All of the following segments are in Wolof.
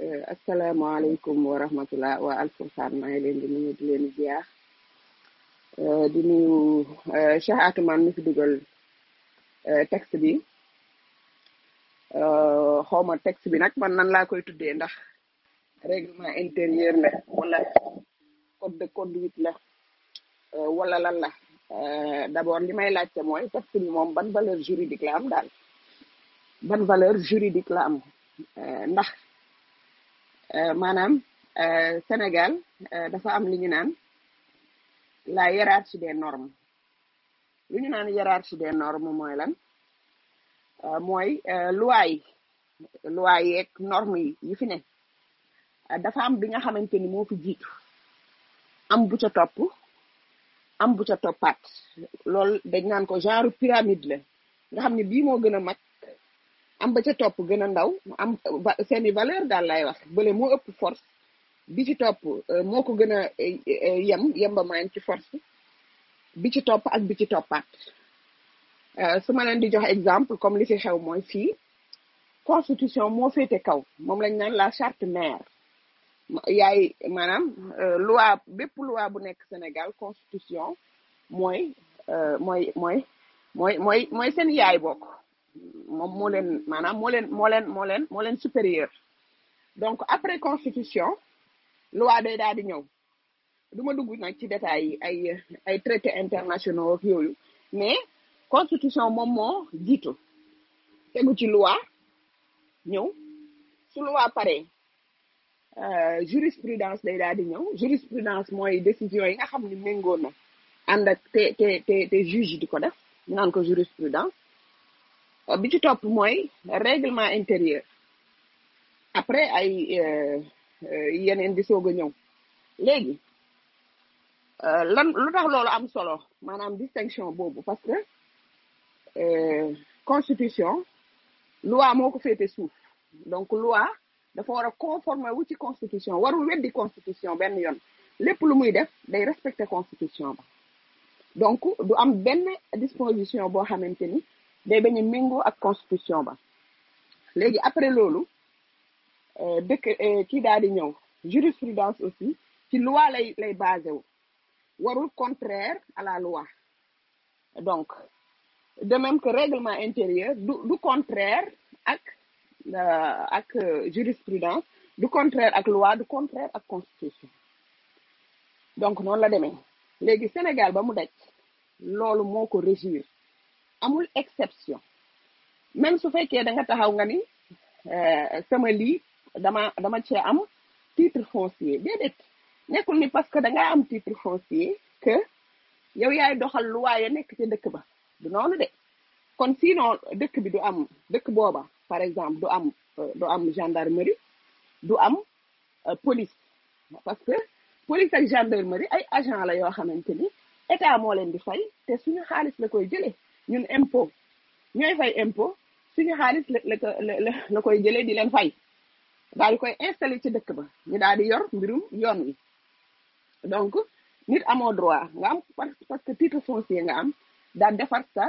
Euh, asalaamaaleykum wa rahmatullah wa alfurxaan maa ngi leen di nuyu di leen ziar euh, di nuyu euh, Cheikh Atoumane mi fi dugal texte bi xawma texte bi nag man nan laa koy tuddee ndax règlement intérieur la wala code de conduite la wala lan la d'abord li may laajte mooy texte bi moom ban valeur juridique la am daal ban valeur juridique la am ndax Euh, maanaam euh, Sénégal euh, dafa am lu ñu naan la hiérarchie de norme lu ñu naan hiérarchie des normes mooy lan mooy luwaay yi loi yeeg normes yi yi fi ne dafa am bi nga xamante ni moo fi jiitu am bu ca topp am bu ca toppaat loolu dañ naan ko genre pyramide la nga xam ne bii moo gën a mag am ba ca topp gën ndaw mu am seen i valeur daal lay wax bële moo ëpp force bi ci topp euh, moo ko gën a euh, euh, yem yemba maayam ci force bi ci topp ak bi ci toppaat su ma leen di jox exemple comme li fi xew mooy fii constitution moo féete kaw moom lañ naan la charte mère yaay maanaam loi bépp loi bu nekk Sénégal constitution mooy mooy mooy mooy mooy mooy seen yaay bokk moom moo leen maanaam moo leen moo leen moo leen moo leen supérieur donc après constitution loi day daal di ñëw duma dugg nag ci détails yi ay ay traités internationaux ak yooyu mais constitution moom moo jiitu tegu ci loi ñëw su loi pare euh, jurisprudence day daal di ñëw jurisprudence mooy décision yi nga xam ne méngoo na ànd ak te te te te juge di ko def ñu naan ko jurisprudence bi ci topp mooy règlement intérieur après ay euh, euh, yeneen di soog a ñëw léegi euh, lan lu tax loolu am solo maanaam distinction boobu parce que constitution loi moo ko féete suuf donc loi dafa war a conformer wu ci constitution warul weddi constitution benn yoon lépp lu muy def day respecter constitution ba donc du am benn disposition boo xamante ni day bañ a méngoo ak constitution ba léegi après loolu euh, dëkk euh, kii daal di ñëw jurisprudence aussi ci loi lay lay basé wu warul contraire à la loi donc de même que règlement intérieur du du contraire ak euh, ak jurisprudence du contraire ak loi du contraire ak constitution donc noonu la demee léegi Sénégal ba mu daj loolu moo ko régir amul exception même su fekkee da nga taxaw nga ni euh, sama lii dama dama ce am titre foncier déedéet nekkul ni parce que da am titre foncier que yow yaay doxal lu waaye nekk ca dëkk ba du noonu de kon sinon dëkk bi du am dëkk booba par exemple du am euh, du am gendarmerie du am euh, police parce que police ak gendarmerie ay agent la yoo xamante ni état moo leen di fay te suñu xaalis la koy jëlee ñun impôt ñooy fay impôt suñu xaalis la koy jëlee di leen fay daal di koy installé ci dëkk ba ñu daal di yor mbirum yoon mi donc nit amoo droit nga am parce que titre foncier nga am daal defar sa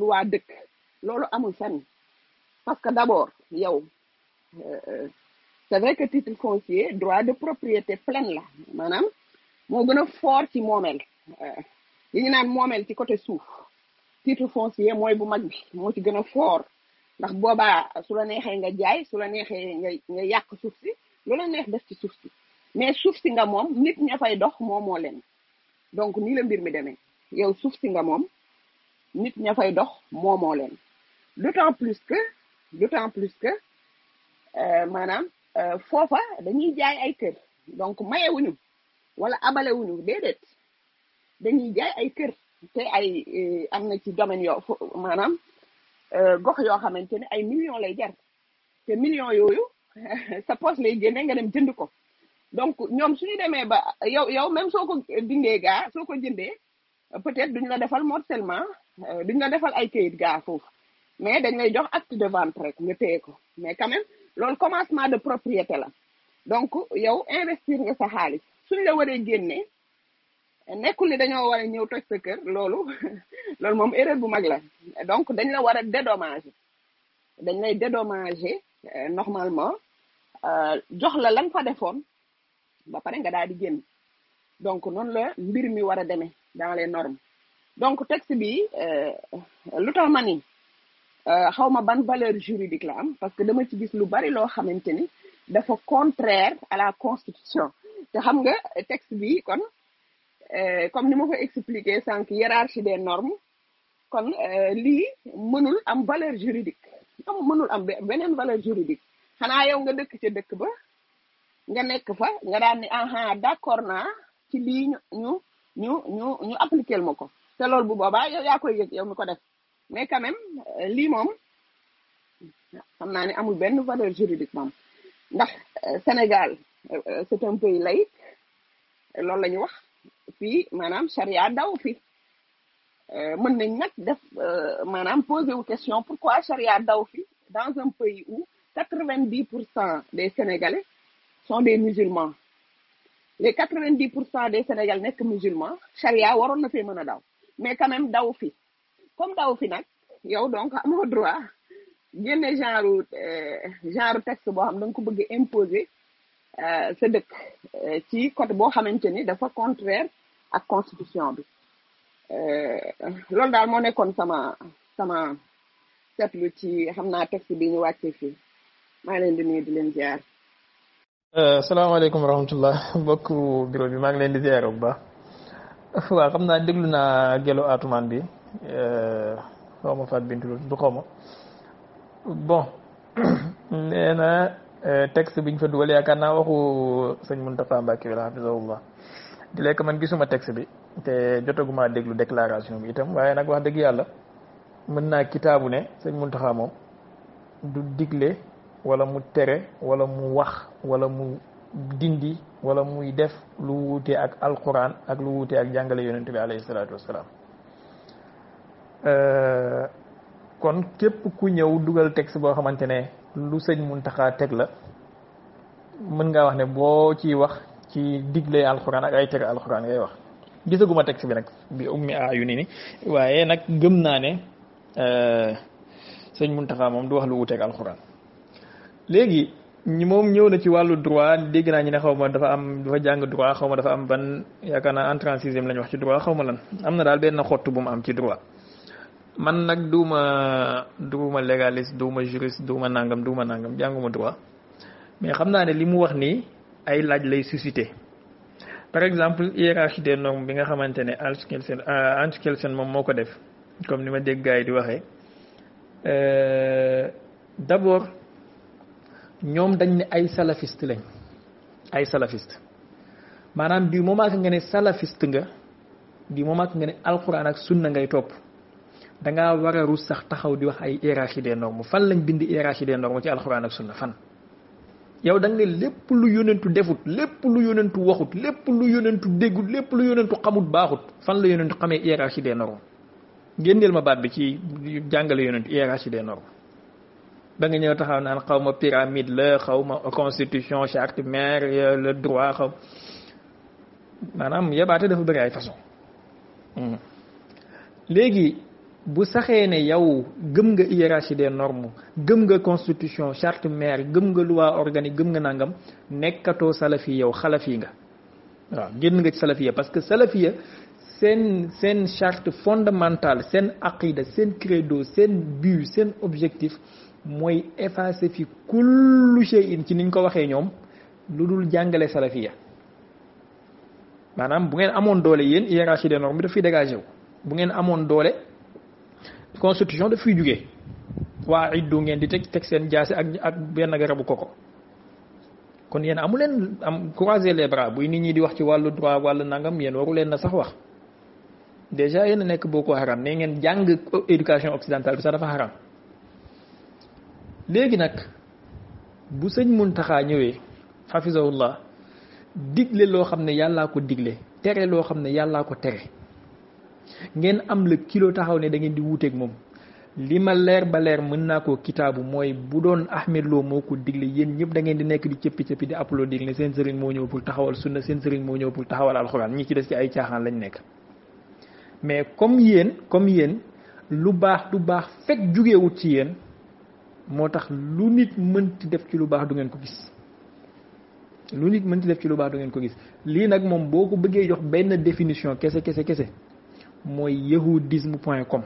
loi dëkk loolu amul fenn parce que d'abord yow euh, euh, c'est vrai que titre foncier droit de propriété pleine la maanaam moo gën a fort ci moomeel euh, li ñu naan moomeel ci côté suuf titre foncier mooy bu mag bi moo ci gën a fort ndax boobaa su la neexee nga jaay su la neexee nga nga yàq suuf si lu la neex def ci suuf si mais suuf si nga moom nit ña fay dox moo moo leen donc nii mbir mi demee yow suuf si nga moom nit ña dox moo moo leen plus que d'autant plus que euh, maanaam euh, foofa dañuy jaay ay kër donc mayewuñu wala abalewuñu déedéet dañuy jaay ay kër te ay eh, am na ci domaine yoo maanaam eh, gox yoo xamante ne ay millions lay jar te millions yooyu sa poche lay génne nga dem jënd ko donc ñoom suñu demee ba yow yow même soo ko dindee gaa soo ko jëndee peut-être ñu la defal morcellement eh, duñu la defal ay kayit gaa foofu mais dañ lay jox acte de vente rek ko mais quand même loolu commencement de propriété la donc yow investir nga sa xaalis suñ la waree génnee nekkul ni dañoo war a ñëw toj sa kër loolu loolu moom erreur bu mag la donc dañ la war a dédommager dañ lay dédommager euh, normalement euh, jox la lan fa defoon ba pare nga daal di génn donc noonu la mbir mi war a demee dans les normes donc texte bi euh, lu tax ma ni xaw ma ban valeur juridique la am parce que dama ci gis lu bari loo xamante ni dafa contraire à la constitution te xam nga texte bi kon Eh, comme ni ma ko expliqué sànq hiérarchie de normes kon eh, lii mënul am valeur juridique mënul am beneen valeur juridique xanaa yow nga dëkk ca dëkk ba nga nekk fa nga daan ni aha d'accord naa ci lii ñu ñu ñu ñu ñu appliquer ma ko te loolu bu boobaa yow yaa koy yëg yow mi ko def mais quand même eh, lii moom xam naa ni amul benn valeur juridique moom ndax Sénégal c'est un pays laïque loolu lañu wax fii maanaam charia daw fi euh, mën nañ nag def euh, maanaam poser wu question pourquoi charia daw fi dans un pays où quatre-vingt-dix pour cent des sénégalais sont des musulmans les quatre-vingt-dix pour cent des sénégalais nekk musulmans charia waroon na fee mën a daw mais quand daw fi comme daw fi nag yow donc amoo droit génne genre euh, genre texte boo xam da nga ko bëgg imposer Euh, sa dëkk euh, ci côté boo xamante ni dafa contraire ak constitution bi euh, loolu daal moo nekkoon sama sama seetlu ci xam naa texte bi ñu wàccee fii maa leen di nuyu di leen ziar. salaamaaleykum wa rahmatullah mbokk bureau bi maa ngi leen di ziar bu baax xam naa déglu naa gelo atumaan bi xaw ma Fatou Bintou du xaw bon nee Euh, texte biñ fa dugal yaakaar naa waxu sëñ Mountakha Mbacké bi la hafizahullah di lekk man gisuma texte bi te jotaguma déglu déclaration bi itam waaye nag wax dëgg yàlla mën naa kitaabu ne sëñ Mountakha moom du digle wala mu tere wala mu wax walla mu dindi wala muy def lu wuute ak alquran ak lu wuutee ak jàngale yonent bi alayhi salaatu wassalaam euh, kon képp ku ñëw dugal texte boo xamante ne lu sëñ Muntaxa teg la mën ngaa wax ne boo ciy wax ci digle alxuraan ak ay tere alxuraan ngay wax gisaguma texte bi nag bi ummi ayu ni ni waaye nag gëm naa ne eh, sëñ Muntaxa moom du wax lu wuteeg alxuraan léegi ñi moom ñëw na ci wàllu droit dégg naa ñu ne xaw ma dafa am dafa jàng droit xaw ma dafa am ban yaakaar naa en 36e la ñu wax ci droit xaw ma lan am na daal benn xottu bu mu am ci droit man nag duuma duuma légaliste duuma juriste duuma nangam duuma nangam jànguma droit mais xam naa ne li mu wax nii ay laaj lay suscité par exemple hiérarchie des normes bi nga xamante ne Anskelsen Anskelsen euh, moom moo ko def comme ni ma dégg gars yi di waxee euh, d'abord ñoom dañ ni ay salafiste lañ ay salafiste maanaam du moom que nga ne salafiste nga du moom que nga ne alquran ak sunna ngay topp danga ngaa war a rus sax taxaw di wax ay hiérarchie des normes fan lañ bind hiérarchie des normes ci alxuraan ak sunna fan. yow da nga ne lépp lu yonentu defut lépp lu yonentu waxut lépp lu yonentu déggut lépp lu yonentu xamut baaxut fan la yonentu xamee hiérarchie des normes génneel ma baat bi ci jàngale yonentu hiérarchie des normes da nga ñëw taxaw naan xaw ma pyramide la xaw ma constitution charte mère le droit xaw maanaam yabaate dafa bëri ay façon hmm. léegi bu saxee ne yow gëm nga hiérarchie des norme gëm nga constitution charte mère gëm nga loi organique gëm nga nangam nekkatoo salafi yow xalafi nga waaw génn nga ci salafiya parce que salafiya seen seen charte fondamentale seen aqida seen credo seen but seen objectif mooy effacer fi kullu shay'in ci niñ ko waxee ñoom lu dul jàngale salafiya maanaam bu ngeen amoon doole yéen hiérarchie des normes bi daf fi dégagé wu bu ngeen amoon doole constitution daf fiy jugee waa iddu ngeen di teg teg seen jaasi ak ak benn garabu koko kon yéen amu leen am croiser les bras buy nit ñi di wax ci wàllu droit wàllu nangam yéen waru leen na sax wax déjà yéen nekk boo ko Haram ne ngeen jàng éducation occidentale bi sax dafa haram léegi nag bu mun taxaa ñëwee xafisahullah digle loo xam ne yàllaa ko digle tere loo xam ne yàllaa ko tere ngeen am la kilo taxaw ne da ngeen di wuteek moom li ma leer ba leer mën naa koo kitaabu mooy bu doon Ahmed Lo moo ko digle yéen ñëpp da ngeen di nekk di cëppi cëppi di applaudir ne seen sëriñ moo ñëw pour taxawal sunna seen sëriñ moo ñëw pour taxawal alxuraan ñi ci des ci ay caaxaan lañ nekk. mais comme yéen comme yéen lu baax du baax fekk jugewut ci yéen moo tax lu nit mënti def ci lu baax du ngeen ko gis. lu nit mënti def ci baax du ngeen ko gis lii nag moom boo ko bëggee jox benn définition kese kese kese mooy yahudisme point com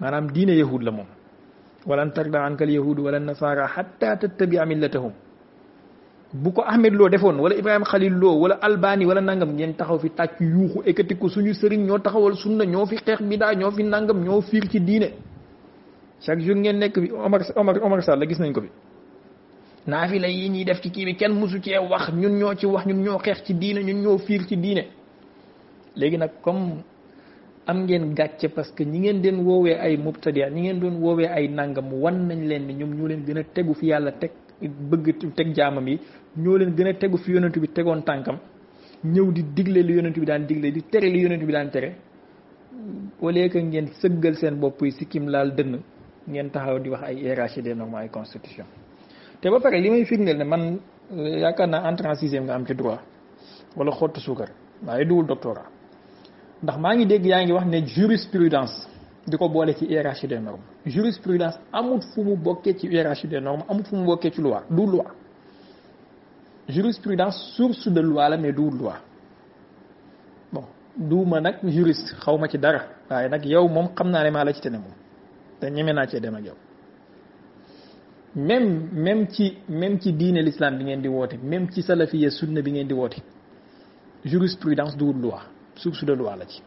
maanaam diine yahud la moom walan tarda ankal yahudu wala nasaara hatta tattabia millatahum bu ko Ahmed loo defoon wala Ibrahima Khalil Lo wala Albani wala nangam ngeen taxaw fi tàcc yuuxu ekkati ko suñu sëriñ ñoo taxawal sunna ñoo fi xeex bidaa ñoo fi nangam ñoo fiir ci diine chaque jour ngeen nekk bi Omar Omar Omar Sall la gis nañ ko bi naafila yi ñuy def ci kii bi kenn musu ci wax ñun ñoo ci wax ñun ñoo xeex ci diine ñun ñoo fiir ci diine léegi nag am ngeen gàcce parce que ñi ngeen den woowee ay mubtadia ñi ngeen doon woowee ay nangam wan nañ leen ni ñoom ñoo leen gën a tegu fi yàlla teg bëgg teg jaamam yi ñoo leen gën a tegu fi yonent bi tegoon tànkam ñëw di digle li yonent bi daan digle di tere li yonent bi daan tere wala que ngeen sëggal seen bopp yi sikkim laal dënn ngeen taxaw di wax ay hiérarchie des normes ay constitution te ba pare li may firndeel ne man euh, yaakaar naa entrant sixième nga am ci droit wala xottu suukar waaye duwul doctorat ndax maa ngi dégg yaa ngi wax ne jurisprudence di ko boole ci hiérarchie des normes jurisprudence amut fu mu bokkee ci hiérarchie des normes amut fu mu bokkee ci loi du loi jurisprudence source de loi la mais du loi bon duuma nag juriste xaw ma ci dara waaye nag yow moom xam naa ne maa la ci tene moom te ñeme naa cee dem ak yow même même ci même ci diine l'islam bi ngeen di woote même ci salafiya sunna bi ngeen di woote jurisprudence du loi suuf su delluwaat la ci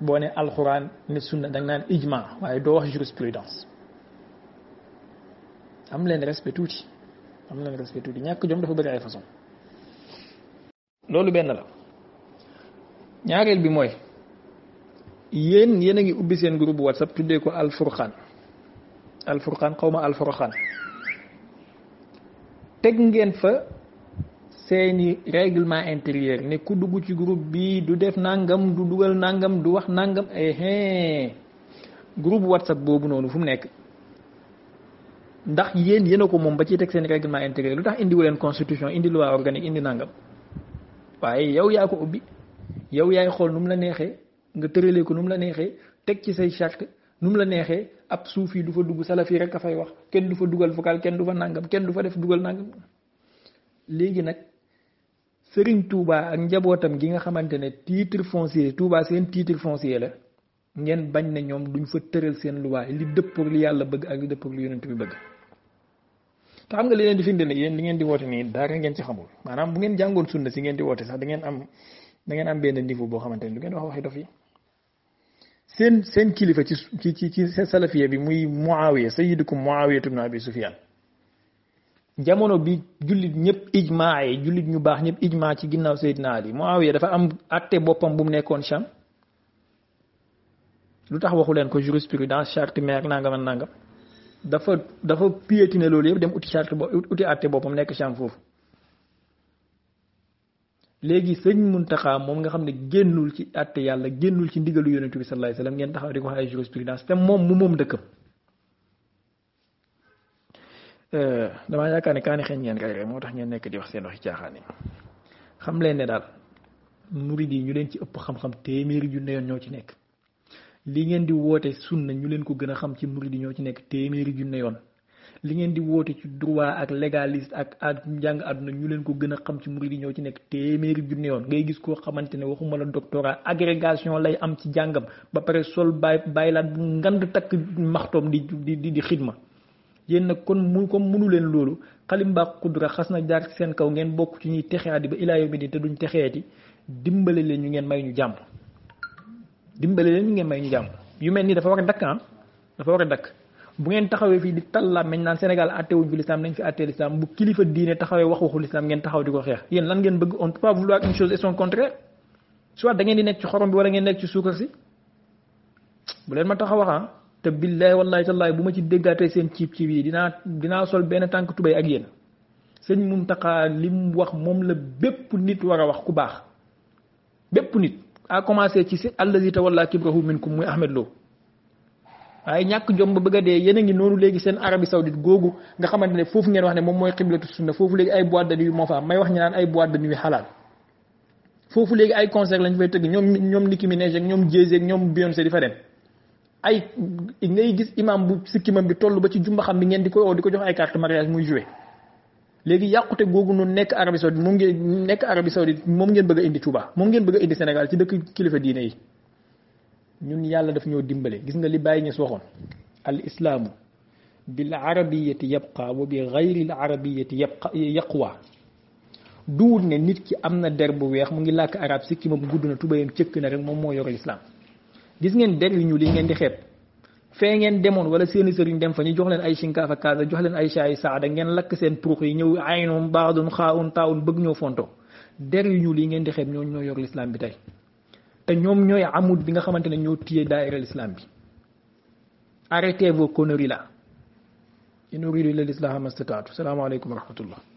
boo ne alxuraan ne sunna da nga naan ijma waaye doo wax jurisprudence am leen respect tuuti am leen respect ñàkk jom dafa bëri ay façon loolu benn la ñaareel bi mooy yéen yéen a ngi ubbi seen groupe whatsapp tuddee ko alfurqaan alfurqaan xaw ma alfurqaan teg ngeen fa seeni règlement intérieur ne ku dugg ci groupe bi du def nangam du dugal nangam du wax nangam eh groupe whatsapp boobu noonu fu mu nekk ndax yéen yéen ko moom ba ci teg seen règlement intérieur lu tax indiwu leen constitution indi loi organique indi nangam waaye yow yaa ko ubbi yow yaay xool nu mu la neexee nga tëralee ko nu mu la neexee teg ci say charte nu mu la neexee ab suuf yi du fa dugg salafi rek a fay wax kenn du fa dugal vocal kenn du fa nangam kenn du fa def dugal nangam léegi nag Serigne tuubaa ak njabootam gi nga xamante ne titre foncier Touba seen titre foncier la ngeen bañ ne ñoom duñ fa tëral seen luwaay li dëppoog li yàlla bëgg ak li dëppoog li yonent bi bëgg te xam nga li leen di firnde ne yéen li ngeen di woote nii dara ngeen ci xamul maanaam bu ngeen jàngoon sunna si ngeen di woote sax da ngeen am da am benn niveau boo xamante ne du ngeen wax waxi dof yi seen seen kilifa ci ci ci ci salafiya bi muy Muawiya sayyidukum Muawiya ibn Abi Sufyan jamono bi jullit ñëpp ijmaa yi jullit ñu baax ñëpp ijmaa ci ginnaaw Seydina Ali Muawiya dafa am àtte boppam bu mu nekkoon Sham lu tax waxu leen ko jurisprudence charte mère nangam ak nangam dafa dafa piétiner loolu yëpp dem uti charte bo uti àtte boppam nekk Sham foofu léegi sëñ Muntaxa moom nga xam ne génnul ci àtte yàlla génnul ci ndigalu yonentu bi sallallahu alayhi ngeen taxaw di ko wax ay jurisprudence te moom mu moom dëkkam Eh, damaa yaakaar ne kaani xeeñ ngeen kay moo tax ngeen nekk di wax seen waxi caaxaan yi xam leen ne daal murid yi ñu leen ci ëpp xam-xam téeméeri junne yoon ñoo ci nekk li ngeen di woote sunna ñu leen ko gën a xam ci murid yi ñoo ci nekk téeméeri junne yoon li ngeen di woote ci droit ak légaliste ak ak njàng àdduna ñu leen ko gën a xam ci murid yi ñoo ci nekk téeméeri junne yoon ngay gis koo xamante ne waxuma la doctorat agrégation lay am ci jàngam ba pare sol bay baylaat bu ngand takk maxtoom di di di xidma yéen nag kon mu comme munu leen loolu xalim mbaa kudra xas na jaar seen kaw ngeen bokk ci ñuy texeati ba ilaa yawmi din te duñ texeeti dimbale leen ñu ngeen may ñu jàmm dimbale leen ñu may ñu jàmm yu mel nii dafa war a dakk ah dafa war a dakk bu ngeen taxawee fii di tal làmmeñ naan Sénégal àttewuñ fi lislaam nañ fi àttee lislaam bu kilifa diine taxawee wax waxu lislaam ngeen taxaw di ko xeex yéen lan ngeen bëgg on peut pas vouloir une chose et son contraire soit da ngeen di nekk ci xorom bi wala ngeen nekk ci suukar si ma taxaw te billaay wallaay tallaay bu ma ci déggaatee seen ciib ciib yi dinaa dinaa sol benn tànk tubéy ak yéen sëñ Muntaxa li mu wax moom la bépp nit war a wax ku baax bépp nit a commencé ci si allazi tawalla kibrahu minkum muy Ahmed Lo waaye ñàkk jom ba bëgg a dee yéen a ngi noonu léegi seen Arabie Saoudite googu nga xamante ne foofu ngeen wax ne moom mooy xiblatu sunna foofu léegi ay boîte de nuit moo fa may wax ñu naan ay boîte de nuit xalaal foofu tëgg ñoom ñoom Nicki Minaj ak ñoom Jay-Z ak ñoom Beyoncé di fa dem ay ngay gis imam bu sikkimam bi toll ba ci jumba xam bi ngeen di ko woo di ko jox ay carte mariage muy joué léegi yàqute googu noonu nekk Arabie Saoudite moom ngeen nekk Arabie Saoudite moom ngeen bëgg a indi Touba moom ngeen bëgg a indi Sénégal ci dëkk kilifa diine yi ñun yàlla daf ñoo dimbale gis nga li bàyyi Niass waxoon al islaamu bil arabiyati yabqa wa bi gayri l arabiyati yabqa yaqwa duwul ne nit ki am na der bu weex mu ngi làkk arab sikkimam gudd na tubayam cëkk na rek moom moo yor l'islam gis ngeen jariñu li ngeen di xeeb fee ngeen demoon wala seeni sëriñ dem fa ñu jox leen ay shinkaaf ak kaasa jox leen ay shaay saada ngeen lakk seen tuux yi ñëw aynoon baadun xaawun taawun bëgg ñoo fonto jariñu yi ngeen di xeeb ñoo ñoo yor lislaam bi tey te ñoom ñooy amut bi nga xamante ne ñoo téye daaira lislaam bi arrêtez vos conneries là in uridu illa l-islaha ma stata'tu salaamaaleykum wa rahmatullah